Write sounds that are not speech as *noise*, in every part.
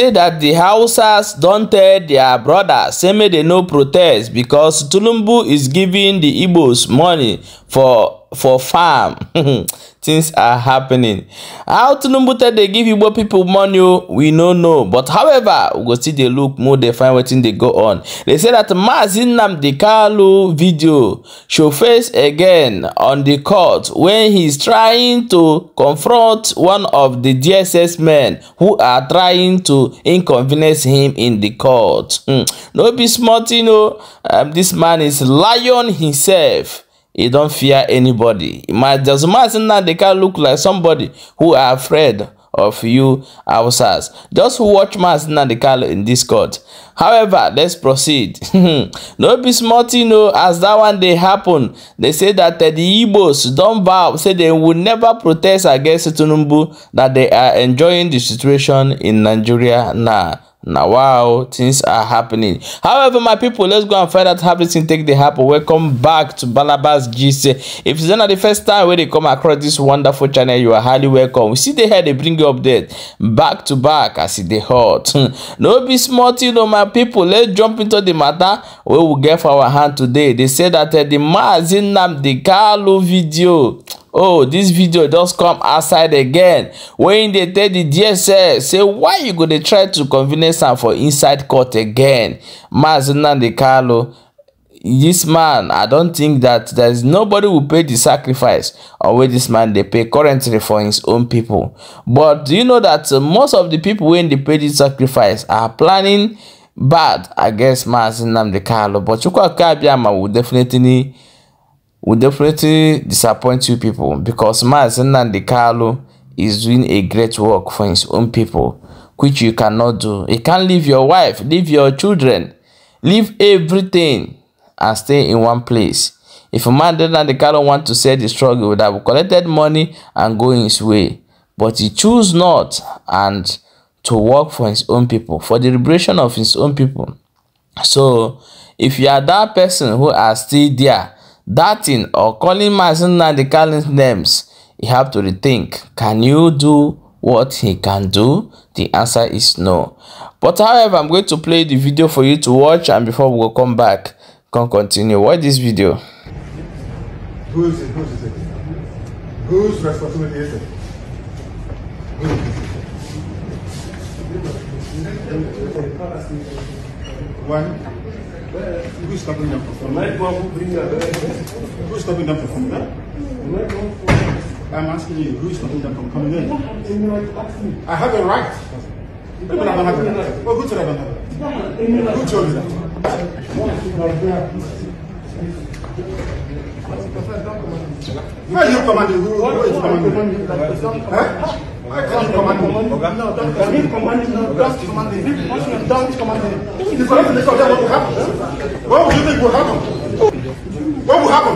say that the hausas don tell dia brothers say make dem no protest because Tulumbu is giving the igbos money for for farm *laughs* things are happening how tinubu tell dey give igbo pipo money o oh? we no know but however we go still dey look more dey find wetin dey go on They say that maazi nnamdi kalu video show face again on the court when he is trying to confront one of the dss men who are trying to inconvenience him in the court mm. no be small tin o oh. um, dis man is lion himself You don't fear anybody. Just Doesn't now they can look like somebody who are afraid of you outsiders. Just watch Mass Nadekalo in Discord. However, let's proceed. *laughs* no be small thing o as that one day happen. They say that uh, the Igbos don't vow say they will never protest against Tinubu that they are enjoying the situation in Nigeria now. Now, wow, things are happening. However, my people, let's go and find out how this thing take the happen. Welcome back to Balabas GC. If it's not the first time where they come across this wonderful channel, you are highly welcome. We see the had they bring you update back to back. I see they hot. Hmm. no be small, you know, my people. Let's jump into the matter we will get for our hand today they say that uh, the Maazi Nnamdi Kanu video oh this video just come outside again when they tell the dss say why you go dey try to convenience am for inside court again Maazi Nnamdi Kanu this man i don think that there is nobody who pay the sacrifice or wey this man dey pay currently for his own people but do you know that uh, most of the people wey dey pay this sacrifice are planning bad against Mazi Nnamdi Kano, but Chukwuka Abiyama will definitely will definitely disappoint you people because Mazi Nnamdi Kano is doing a great work for his own people, which you cannot do. You can't leave your wife, leave your children, leave everything and stay in one place. If Mazi Nnamdi Kano want to sell the struggle, that have collected money and go his way. But he choose not and to work for his own people, for the liberation of his own people. So, if you are that person who are still there, that thing or calling Mazinna the calling names, you have to rethink. Can you do what he can do? The answer is no. But however, I'm going to play the video for you to watch and before we come back, can continue. Watch this video. Who's, who's, who's responsibility is it? Who's? One. Who is stopping them from Who is stopping them from coming? I'm asking you, who is stopping them from coming in? I have a right. People have not had that. who told them that? Who told you that? Where are you commanding? Who, who is commanding? Huh? what will you think will happen? What will happen?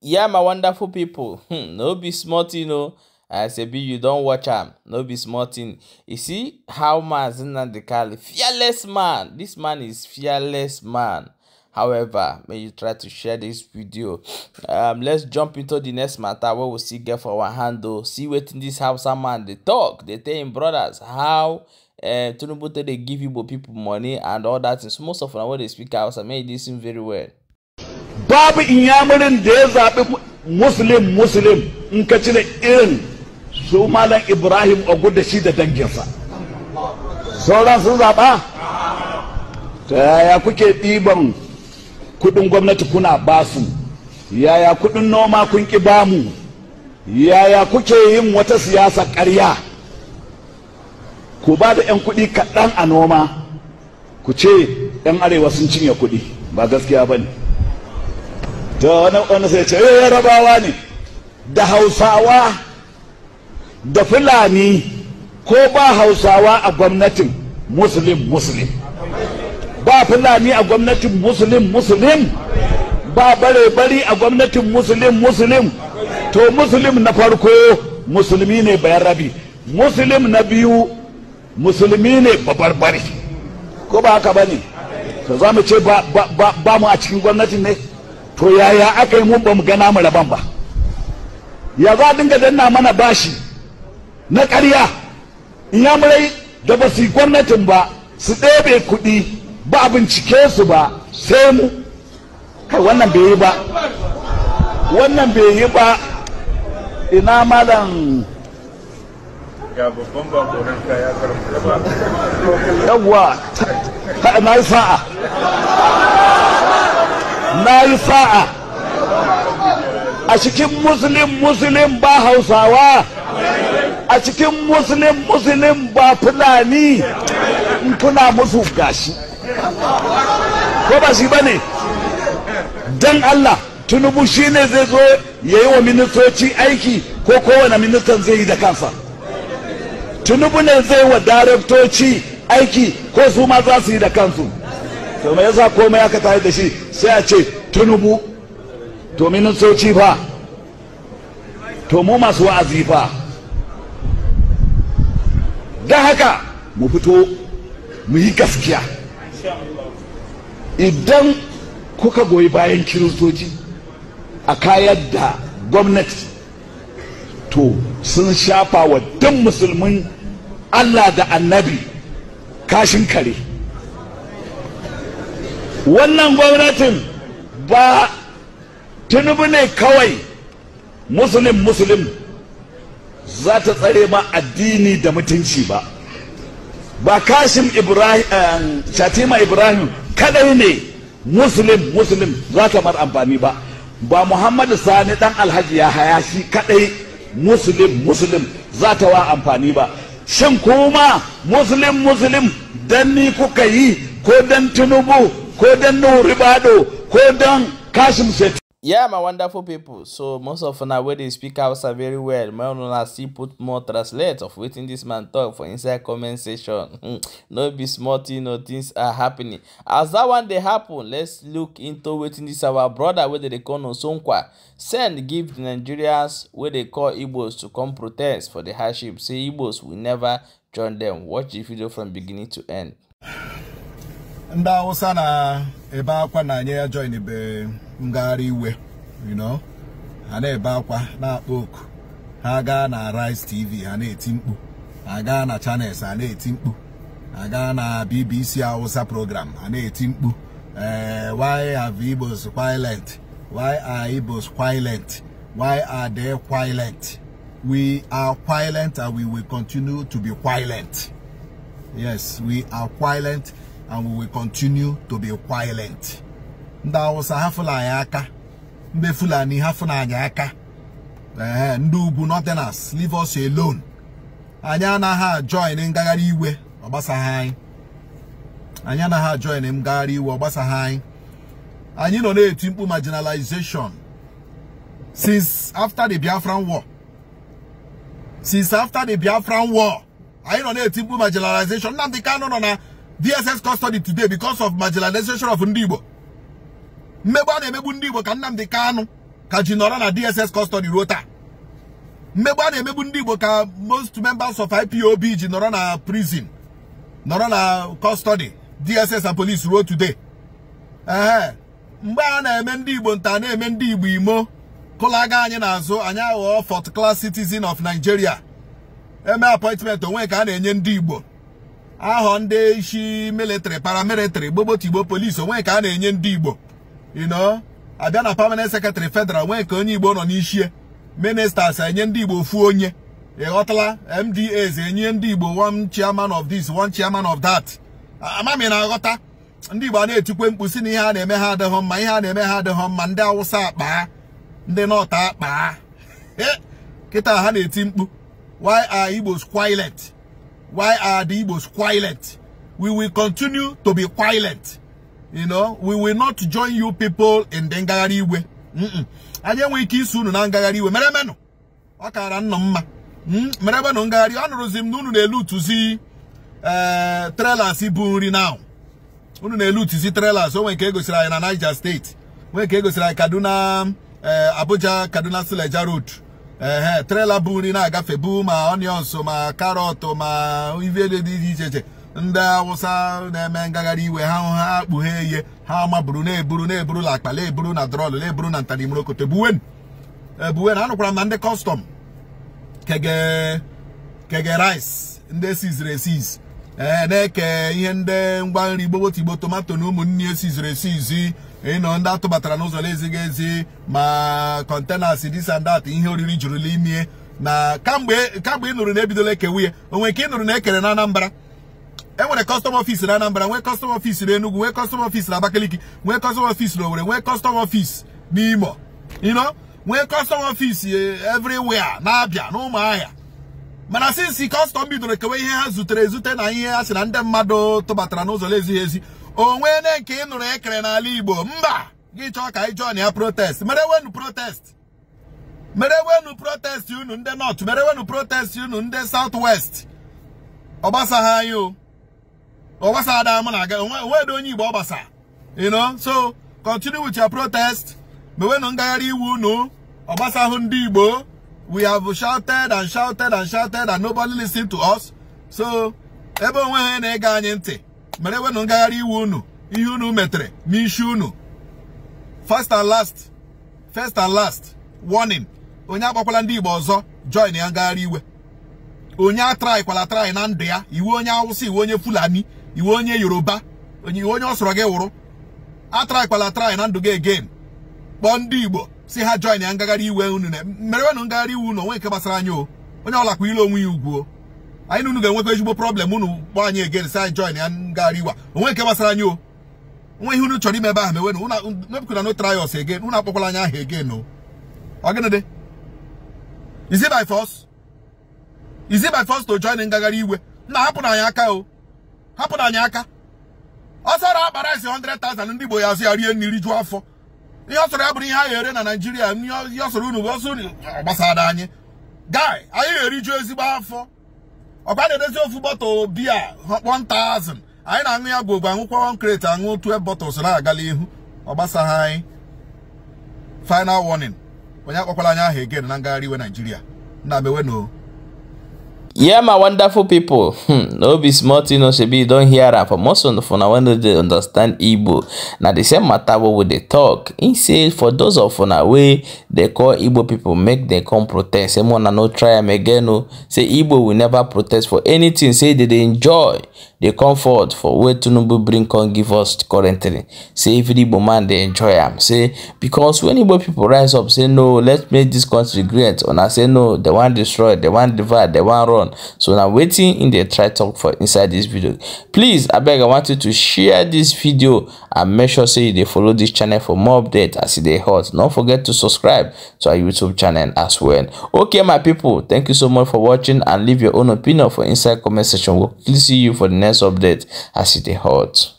Yeah, my wonderful people. Hmm, no be smart, you know i sabi you don watch am no be small thing you see how mazi nnamdi kanu fearless man this man is fearless man however may you try to share this video um let's jump into the next matter wey we still get for our hand o see wetin this hausa man dey talk dey tell him brothers how uh, tinubu take dey give igbo people money and all that things most of una wey dey speak hausa may you lis ten very well. babu inyamurin da ya zaɓi muslim muslim in ka cire irin su malam ibrahim ogu da shi da danginsa sauran sun zaɓa ta yaya kuke ɗiban kuɗin gwamnati kuna basu yaya kuɗin noma kun ƙi bamu yaya kuke yin wata siyasa ƙarya ku ba da 'yan kuɗi kaɗan a noma ku ce 'yan arewa sun cinye kuɗi ba gaskiya ba ne ta wani sai ce eh, rabawa ne da hausawa da fulani ko ba hausawa a gwamnatin muslim muslim ba fulani a gwamnatin muslim muslim ba bare-bari a gwamnatin muslim muslim to muslim na farko musulmi ne bayan rabi muslim na biyu musulmi ne bari. ko ba haka ba ne to za mu ce ba mu a cikin gwamnatin ne to yaya aka yi mun ba mu gana mu rabon ba ya za dinga danna mana bashi na ƙarya inyamurai da ba su yi gwamnatin ba su ɗebe kuɗi ba bincike su ba sai mu kai wannan bai yi ba wannan bai yi ba ina malam ga babban kaya yawwa na yi sa'a na yi sa'a a cikin musulun musulun ba hausawa a cikin musulun-musulun ba fulani in kuna musu gashi ko ba shi ba ne don allah tunubu shi ne zai zo ya yi wa ministoci aiki ko kowane ministan zai yi da kansa tunubu ne zai wa daraktoci aiki ko su ma za su yi da kansu to me yasa komai aka tare da shi sai a ce tunubu to ministoci fa to mu masu wa'azi fa don haka mu fito mu yi gaskiya idan kuka goyi bayan kiristoci a kayar da gwamnati to sun shafa wa duk musulmin allah da annabi kashin kare wannan gwamnatin ba tinubu ne kawai musulun musulun za ta tsare ma addini da mutunci ba ba kashim ibrahim eh, shatima ibrahim kadai ne muslim muslim za ta mar amfani ba ba muhammadu sani dan alhaji ya haya shi kadai muslim muslim za ta wa amfani ba shin kuma muslim muslim dan ni kuka yi ko dan tinubu ko dan nuhu ribado ko dan kashim set yeah my wonderful people so most of una wey dey speak hausa very well my una still put more translate of wetin dis man talk for inside comment section hmm. no be small thing No things are happening as dat one dey happen let's look into wetin dis our broda wey dey dey call nosonkwa send give di nigerians wey dey call igbos to come protest for the hardship say igbos will never join them. watch the video from beginning to end. ndị hausa na ebe akwa na anyị ya join ibe ngagharị iwe you ha na-ebe akwa na-akpa oku ha gaa na Arise TV ha na-eti mkpu ha gaa na Channels ha na-eti mkpu ha gaa na BBC Hausa program ha na-eti mkpu ee eh, why have Igbos violent why are Igbos violent why are they violent we are violent and we will continue to be violent yes we are violent and we will continue to be violent ndị awụsa ha fulani aka ndị fulani ha fulani aka ee ndị ugwu northerners leave us alone anyị anaghị join ngagharị iwe ọgbasaghị anyị anyị anaghị join ngagharị iwe ọgbasaghị anyị anyị nọ na-eti mkpu marginalization since after the Biafran war since after the Biafran war anyị nọ na-eti mkpu marginalization Nnamdi Kanu nọ na DSS custody today because of marginalization of ndị Igbo mmegbu a na-emegbu ndị Igbo ka Nnamdi Kanu ka ji nọrọ na DSS kọstọdi ruo taa mmegbu a na-emegbu ndị Igbo ka most members of IPOB ji nọrọ na prison nọrọ na kọstọdi DSS and police ruo today ee mgbe a na-eme ndị Igbo nta na-eme ndị Igbo imo kụlaga anyị n'azụ anyị aghọọ fort class citizen of Nigeria eme appointment onwe ka a na-enye ndị Igbo aghọ ndị isi military gbogbo tigbo police onwe ka a na-enye ndị Igbo you know abịa na permanent secretary federal nwee ka onye igbo nọ n'ichie ministers enye ndị igbo fuo onye ịghọtala mdas enye ndị igbo one chairman of this one chairman of that amami na-aghọta ndị igbo a na-etikwe mkpu si na ihe a na-eme ha adịghọ mma ihe a na-eme ha adịghọ mma ndị awụsa akpaa ndị nọta akpaa *laughs* eh, kịta ha na-eti mkpu why are igbos quiet why are the igbos quiet we will continue to be quiet you know we will not join you people in the ngagharị iwe anyị enweghị ike iso unu na ngagharị iwe meremenụ ọ kara nnọ mma merebenụ ngagharị anụrụzi m na unu na-elutuzi eh, trelas bụ nri na unu na-elutuzi trelas o nwere nke egosiri anyị na Niger steeti nwere nke egosiri anyị Kaduna eh, Abuja Kaduna sileja road ee trela bụ nri na-agafe bụ ma onions ma karọt ma ivedị dị iche iche ndị awụsa na-eme ngagharị iwe ha akpụ ha kpughe ihe ha maburu na-eburu na-eburu na akpa na-eburu na drọl na-eburu na e ntarimorokoto ebuwen ebuwen anụkwara m na ndị kọstọm kege kege ndị esiziri esiz ee na-eke ihe ndị ngwa nri tigbo tomato na ụmụnne esiziri esizi ịnọ ndị atụbatara n'ụzọ na-ezighị ezi ma kọntenas disandat ihe oriri jụrụla imie na kamgbe ị nụrụ na ebidola ekewe ya onwe nke ị nụrụ na ekere na Anambra enwere kọstọm ọfis na Anambra nwee custom office na Enugu nwee kọstọm ọfis na Abakaliki nwee kọstọm ọfis na Owerri nwee kọstọm ọfis na Imo ino nwee custom office eh, everywhere na Abia na Ụmụahịa custom sinsi kọstọm bidoro kewe ihe ha zutere ezute na ihe ha si na ndị mmadụ tụbatara n'ụzọ lezi. ezighị ezi onwe ne nke ị nụrụ ekere n'ala Igbo mba gị chọọ ka anyị jọn a protest mere wenu protest mere wenu protest unu ndị north mere wenu protest unu ndị south west ọgbasa ha anyị o ọ gbasara m na-aga onwedo onye Igbo ọ gbasa you know so continue with your protest mewenụ ngagharị iwu unu ọgbasa gbasahụ ndị Igbo we have shouted and shouted and shouted and nobody listen to us so ebe onwe ha na ega anyị ntị mere wenụ ngagharị iwu unu ihe unu metere n'isi unu first and last first and last warning onye agbakwala ndị Igbo ọzọ join ya ngagharị iwe onye kwala trai na ndụ ya iwu onye Awụsa iwu onye Fulani iwe onye yoruba iwe onye ọsọrọ gị wụrụ atraịkwala trai na ndụ gị egen kpọọ ndị igbo si ha join ya ngagharị iwe unu merewenụ ngagharị iwe unu onwe nke gbasara anyị o onye ọla kwa ile onwe ya ugwuo anyị na unu ga-enwekwa ezigbo problem unu kpọọ anyị egen si anyị join ya ngagharị iwe onwe nke gbasara anyị o onwe ihe unu chọrọ imebe ahụ mewenụ mepụkwana no trials egen unu akpọkwala anyị aha egen o ọ gịnị dị is it by force to join ngagharị iwe na hapụ na anyị aka o hapụna anyị aka ọ sara akpara isi 100,000 ndị Igbo ya azụ ya rie nri jụọ afọ ihe ọ sọrọ ya bụrụ ihe anyị ere na Naịjirịa ihe ọ sọrọ unu bụ ọsọ gbasara anyị gai anyị ga-eriju ezigbo afọ ọkwa na edozi ofu bọtụl biya 1000 anyị na-aṅụ ya bụ ogbe aṅụkwa aṅụ aṅụ 12 bottles na-agala ihu ọ anyị final warning onye akpọkwala anyị aha again na ngagharị iwe Naịjirịa na-abewe yeah my wonderful people. hmm no be small tin o shebi you don hear am for most of una wey no understand igbo now di same mata wey would they talk? He say for those of una wey they call igbo people. make dem come protest say I no try am again o oh. say igbo will never protest for anything. say they dey enjoy They come forward for what Tunubu bring can give us currently. Say if the man they enjoy am. Say because when Igbo people rise up, say no, let's make this country great. And I say no, they want destroy, they want divide, they want run. So now waiting in the try talk for inside this video. Please, I beg I want you to share this video and make sure say they follow this channel for more updates as it they hot. Don't forget to subscribe to our YouTube channel as well. Okay, my people, thank you so much for watching and leave your own opinion for inside comment section. We'll see you for the next awareness update as it is hot.